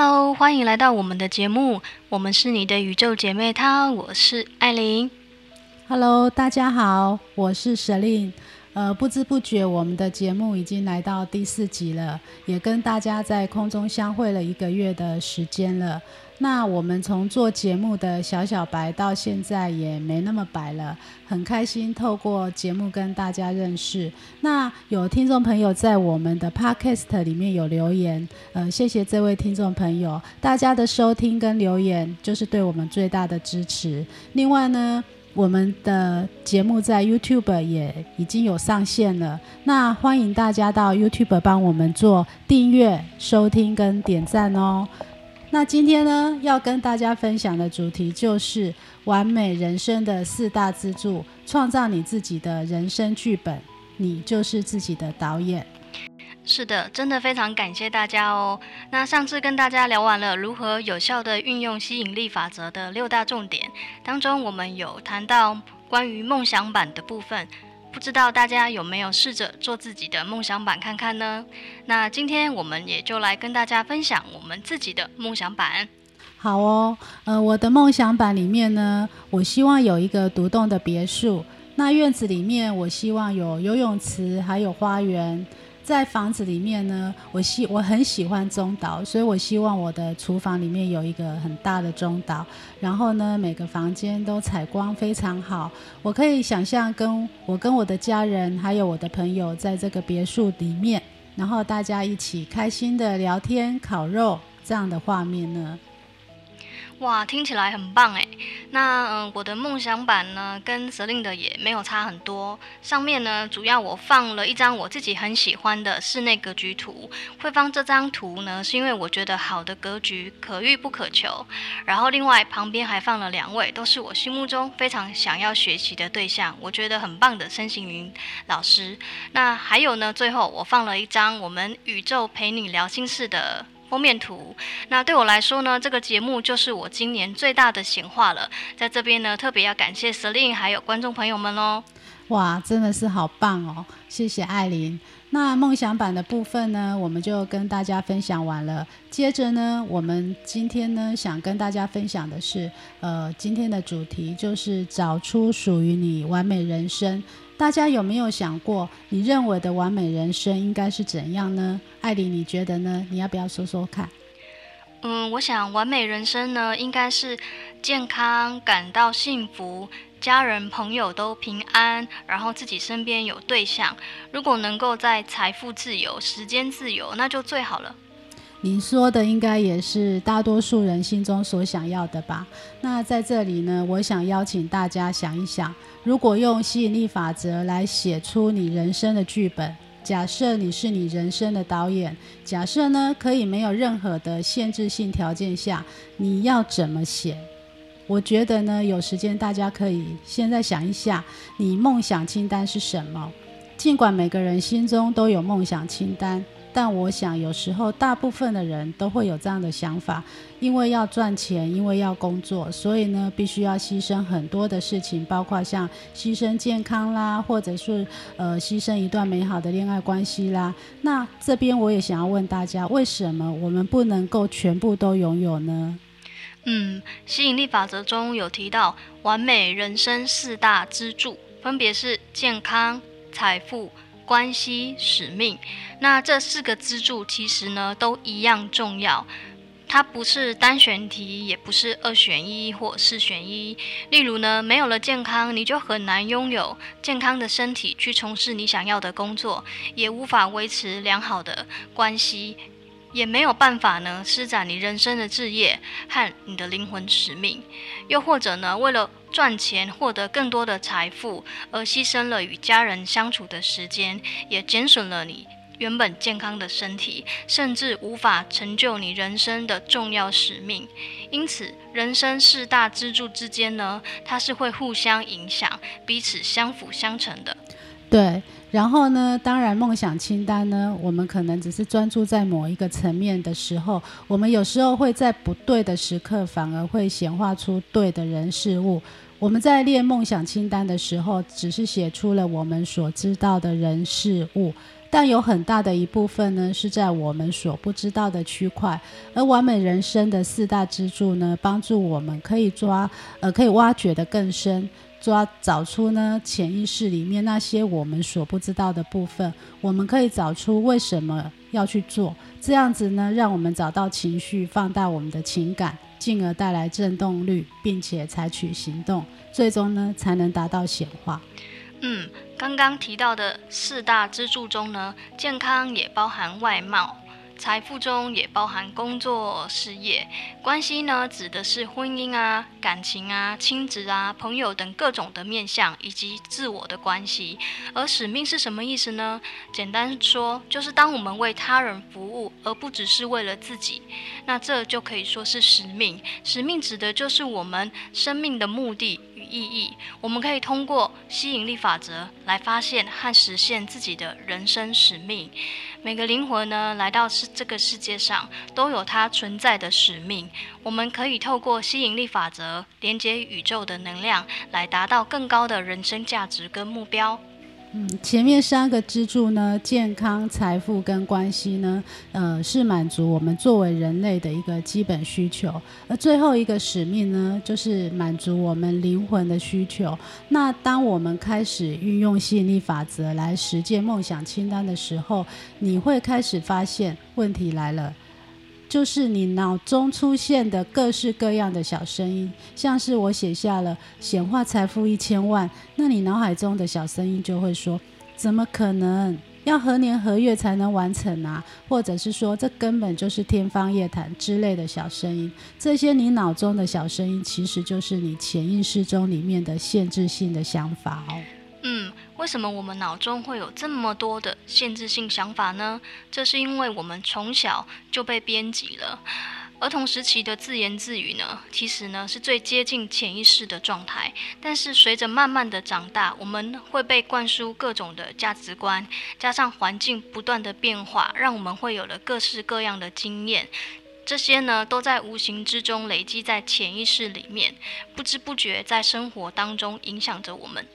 Hello，歡迎來到我們的節目。我們是你的宇宙姐妹淘，我是艾琳。Hello，大家好，我是石林。呃，不知不覺，我們的節目已經來到第四集了，也跟大家在空中相會了一個月的時間了。那我們從做節目的小小白到現在也沒那麼白了，很開心透過節目跟大家認識。那有聽眾朋友在我們的 Podcast 裡面有留言，呃，謝謝這位聽眾朋友，大家的收聽跟留言就是對我們最大的支持。另外呢，我們的節目在 YouTube 也已經有上線了，那歡迎大家到 YouTube 幫我們做訂閱、收聽跟點讚哦。那今天呢，要跟大家分享的主題就是完美人生的四大支柱，創造你自己的人生劇本，你就是自己的導演。是的，真的非常感謝大家哦。那上次跟大家聊完了如何有效地運用吸引力法則的六大重點當中，我們有談到關於夢想板的部分，不知道大家有沒有試着做自己的夢想板看看呢？那今天我們也就來跟大家分享我們自己的夢想板。好哦，呃，我的夢想板裡面呢，我希望有一個獨棟的別墅，那院子裡面我希望有游泳池，還有花園。在房子裡面呢，我希我很喜歡中島，所以我希望我的廚房裡面有一個很大的中島，然後呢，每個房間都採光非常好。我可以想象跟我跟我的家人還有我的朋友在這個別墅裡面，然後大家一起開心的聊天、烤肉這樣的畫面呢。哇，聽起來很棒哎！那嗯、呃，我的夢想版呢，跟 Celine 的也沒有差很多。上面呢，主要我放了一張我自己很喜歡的室內格局圖。會放這張圖呢，是因為我覺得好的格局可遇不可求。然後另外旁邊還放了兩位，都是我心目中非常想要學習的對象，我覺得很棒的申行雲老師。那還有呢，最後我放了一張我們宇宙陪你聊心事的。封面圖。那對我來說呢，這個節目就是我今年最大的顯化了。在這邊呢，特別要感謝 Selina 還有觀眾朋友們哦。哇，真的是好棒哦，謝謝艾琳。那夢想版的部分呢，我們就跟大家分享完了。接着呢，我們今天呢想跟大家分享的是，呃，今天的主題就是找出屬於你完美人生。大家有沒有想過，你認為的完美人生應該是怎樣呢？艾琳，你覺得呢？你要不要說說看？嗯，我想完美人生呢，應該是健康、感到幸福、家人朋友都平安，然後自己身邊有對象。如果能夠在財富自由、時間自由，那就最好了。你說的應該也是大多數人心中所想要的吧？那在這裡呢，我想邀請大家想一想，如果用吸引力法則來寫出你人生的劇本，假設你是你人生的導演，假設呢可以沒有任何的限制性條件下，你要怎麼寫？我覺得呢，有時間大家可以現在想一下，你夢想清單是什麼？儘管每個人心中都有夢想清單。但我想，有時候大部分的人都會有這樣的想法，因為要賺錢，因為要工作，所以呢，必須要犧牲很多的事情，包括像犧牲健康啦，或者是呃，犧牲一段美好的戀愛關係啦。那這邊我也想要問大家，為什麼我們不能夠全部都擁有呢？嗯，吸引力法則中有提到，完美人生四大支柱分別是健康、財富。關係、使命，那這四個支柱其實呢都一樣重要。它不是單選題，也不是二選一或四選一。例如呢，沒有了健康，你就很難擁有健康的身體去從事你想要的工作，也無法維持良好的關係。也沒有辦法呢施展你人生的志業和你的靈魂使命，又或者呢為了賺錢獲得更多的財富而犧牲了與家人相處的時間，也減損了你原本健康的身體，甚至無法成就你人生的重要使命。因此，人生四大支柱之間呢，它是會互相影響，彼此相輔相成的。對。然後呢，當然，夢想清單呢，我們可能只是專注在某一個層面的時候，我們有時候會在不對的時刻，反而會顯化出對的人事物。我們在列夢想清單的時候，只是寫出了我們所知道的人事物。但有很大的一部分呢，是在我們所不知道的區塊。而完美人生的四大支柱呢，幫助我們可以抓呃，可以挖掘得更深，抓找出呢潛意識裡面那些我們所不知道的部分。我們可以找出為什麼要去做，這樣子呢，讓我們找到情緒放大我們的情感，進而帶來振動率，並且採取行動，最終呢才能達到顯化。嗯，剛剛提到的四大支柱中呢，健康也包含外貌，財富中也包含工作、事業，關係呢指的是婚姻啊、感情啊、親子啊、朋友等各種的面向，以及自我的關係。而使命是什麼意思呢？簡單說，就是當我們為他人服務，而不只是為了自己，那這就可以說是使命。使命指的就是我們生命的目的。意義，我們可以通過吸引力法則來發現和實現自己的人生使命。每個靈魂呢，來到世這個世界上，都有它存在的使命。我們可以透過吸引力法則，連接宇宙的能量，來達到更高的人生價值跟目標。嗯，前面三個支柱呢，健康、財富跟關係呢，呃，是滿足我們作為人類的一個基本需求。而最後一個使命呢，就是滿足我們靈魂的需求。那當我們開始運用吸引力法則來實踐夢想清單的時候，你會開始發現問題來了。就是你腦中出現的各式各樣的小聲音，像是我寫下了顯化財富一千萬，那你腦海中的小聲音就會說：“怎麼可能？要何年何月才能完成啊？”或者是說“這根本就是天方夜譚”之類的小聲音。這些你腦中的小聲音，其實就是你潛意識中裡面的限制性的想法哦。嗯。為什麼我們腦中會有這麼多的限制性想法呢？這是因為我們從小就被編輯了。兒童時期的自言自語呢，其實呢是最接近潛意識的狀態。但是隨着慢慢的長大，我們會被灌輸各種的價值觀，加上環境不斷的變化，讓我們會有了各式各樣的經驗。這些呢，都在無形之中累積在潛意識裡面，不知不覺在生活當中影響着我們。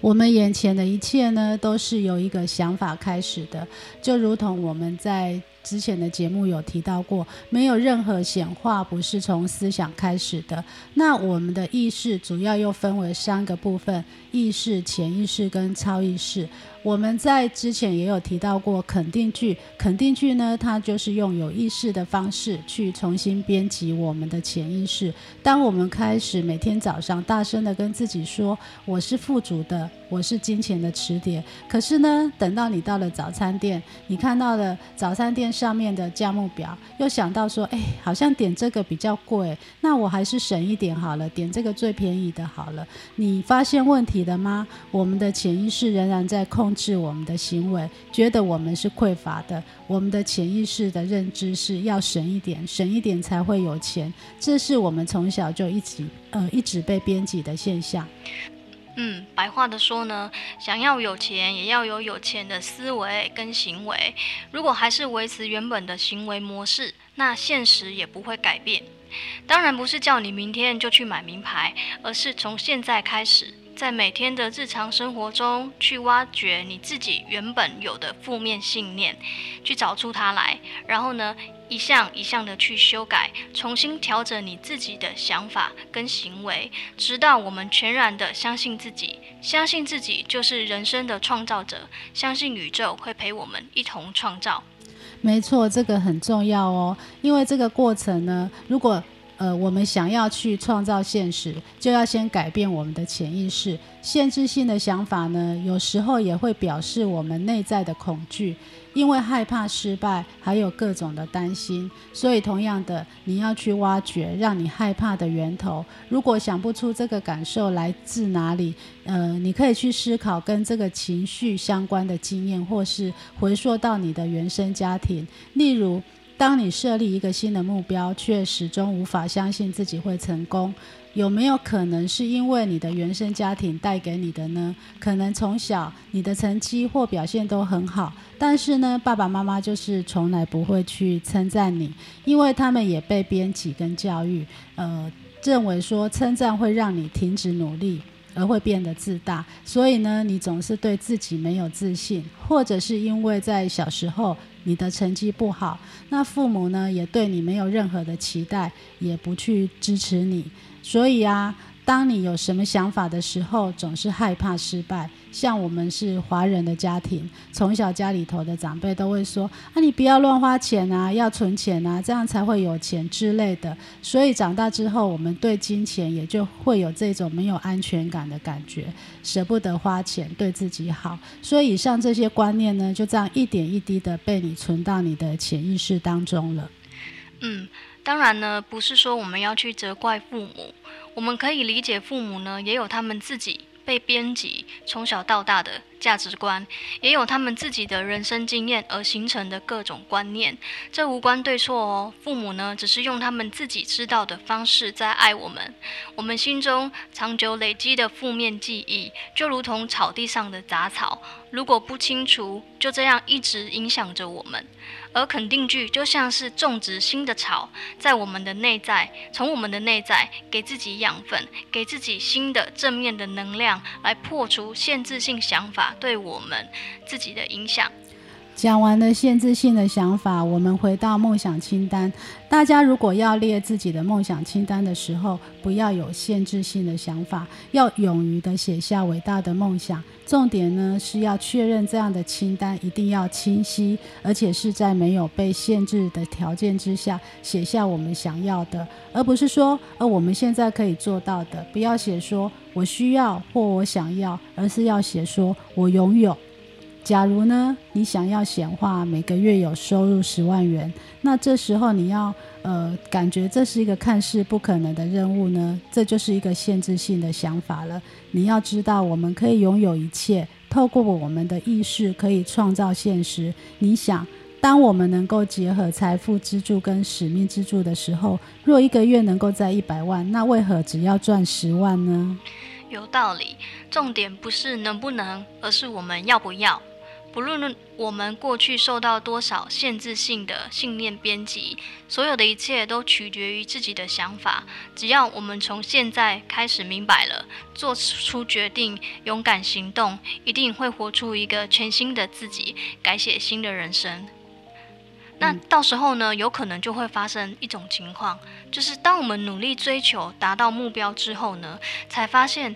我們眼前的一切呢，都是由一個想法開始的，就如同我們在之前的節目有提到過，沒有任何顯化不是從思想開始的。那我們的意識主要又分為三個部分：意識、潛意識跟超意識。我們在之前也有提到過肯定句，肯定句呢，它就是用有意識的方式去重新編輯我們的潛意識。當我們開始每天早上大聲地跟自己說：“我是富足的。”我是金錢的磁鐵，可是呢，等到你到了早餐店，你看到了早餐店上面的價目表，又想到說，哎、欸，好像點這個比較貴，那我還是省一點好了，點這個最便宜的好了。你發現問題了嗎？我們的潛意識仍然在控制我們的行為，覺得我們是匱乏的。我們的潛意識的認知是要省一點，省一點才會有錢，這是我們從小就一直呃一直被編輯的現象。嗯，白話的說呢，想要有錢，也要有有錢的思維跟行為。如果還是維持原本的行為模式，那現實也不會改變。當然不是叫你明天就去買名牌，而是從現在開始，在每天的日常生活中去挖掘你自己原本有的負面信念，去找出它來，然後呢，一項一項的去修改，重新調整你自己的想法跟行為，直到我們全然的相信自己，相信自己就是人生的創造者，相信宇宙會陪我們一同創造。沒錯，這個很重要哦，因為這個過程呢，如果呃，我們想要去創造現實，就要先改變我們的潛意識。限制性的想法呢，有時候也會表示我們內在的恐懼，因為害怕失敗，還有各種的擔心。所以，同樣的，你要去挖掘讓你害怕的源頭。如果想不出這個感受來自哪裡，呃，你可以去思考跟這個情緒相關的經驗，或是回溯到你的原生家庭，例如，當你設立一個新的目標，卻始終無法相信自己會成功，有沒有可能是因為你的原生家庭帶給你的呢？可能從小你的成績或表現都很好，但是呢，爸爸媽媽就是從來不會去稱讚你，因為他們也被編輯跟教育，呃，認為說稱讚會讓你停止努力。而會變得自大，所以呢，你總是對自己沒有自信，或者是因為在小時候你的成績不好，那父母呢，也對你沒有任何的期待，也不去支持你，所以啊。當你有什麼想法的時候，總是害怕失敗。像我們是華人的家庭，從小家裡頭的長輩都會說：“啊，你不要亂花錢啊，要存錢啊，這樣才會有錢之類的。”所以長大之後，我們對金錢也就會有這種沒有安全感的感覺，捨不得花錢，對自己好。所以以上這些觀念呢，就這樣一點一滴的被你存到你的潛意識當中了。嗯。當然呢，不是說我們要去責怪父母，我們可以理解父母呢，也有他們自己被編輯從小到大的價值觀，也有他們自己的人生經驗而形成的各種觀念，這無關對錯哦。父母呢，只是用他們自己知道的方式在愛我們。我們心中長久累積的負面記憶，就如同草地上的雜草，如果不清除，就這樣一直影響着我們。而肯定句就像是種植新的草，在我們的內在，從我們的內在給自己養分，給自己新的正面的能量，來破除限制性想法對我們自己的影響。講完了限制性的想法，我們回到夢想清單。大家如果要列自己的夢想清單的時候，不要有限制性的想法，要勇於地寫下偉大的夢想。重點呢是要確認這樣的清單一定要清晰，而且是在沒有被限制的條件之下寫下我們想要的，而不是說呃我們現在可以做到的。不要寫說“我需要”或“我想要”，而是要寫說“我擁有”。假如呢，你想要顯化每個月有收入十萬元，那這時候你要呃，感覺這是一個看似不可能的任務呢？這就是一個限制性的想法了。你要知道，我們可以擁有一切，透過我們的意識可以創造現實。你想，當我們能夠結合財富支柱跟使命支柱的時候，若一個月能夠在一百萬，那為何只要賺十萬呢？有道理。重點不是能不能，而是我們要不要。不論我們過去受到多少限制性的信念編輯，所有的一切都取決於自己的想法。只要我們從現在開始明白了，做出決定，勇敢行動，一定會活出一個全新的自己，改寫新的人生。嗯、那到時候呢，有可能就會發生一種情況，就是當我們努力追求達到目標之後呢，才發現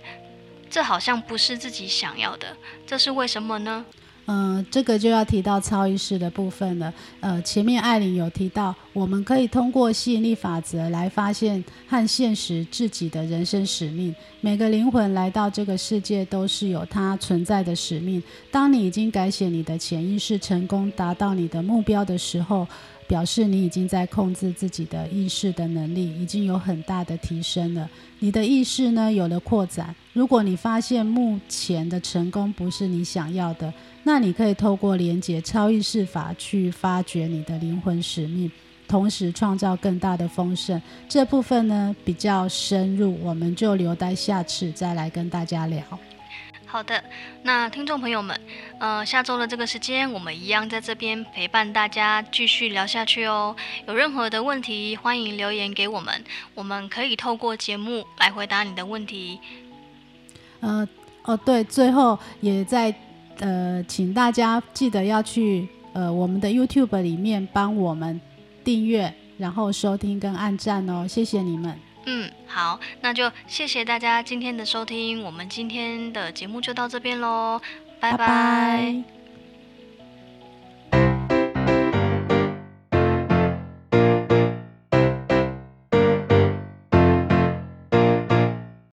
這好像不是自己想要的。這是為什麼呢？嗯、呃，這個就要提到超意識的部分了。呃，前面艾琳有提到，我們可以通過吸引力法則來發現和現實自己的人生使命。每個靈魂來到這個世界都是有它存在的使命。當你已經改寫你的潛意識，成功達到你的目標的時候。表示你已經在控制自己的意識的能力，已經有很大的提升了，你的意識呢，有了擴展。如果你發現目前的成功不是你想要的，那你可以透過連接超意識法去發掘你的靈魂使命，同時創造更大的豐盛。這部分呢，比較深入，我們就留待下次再來跟大家聊。好的，那聽眾朋友們，呃，下周的這個時間，我們一樣在這邊陪伴大家繼續聊下去哦。有任何的問題，歡迎留言給我們，我們可以透過節目來回答你的問題。呃，哦，對，最後也在呃，請大家記得要去呃我們的 YouTube 裡面幫我們訂閱，然後收聽跟按讚哦，謝謝你們。嗯，好，那就謝謝大家今天的收聽，我們今天的節目就到這邊嘍，拜拜。拜拜。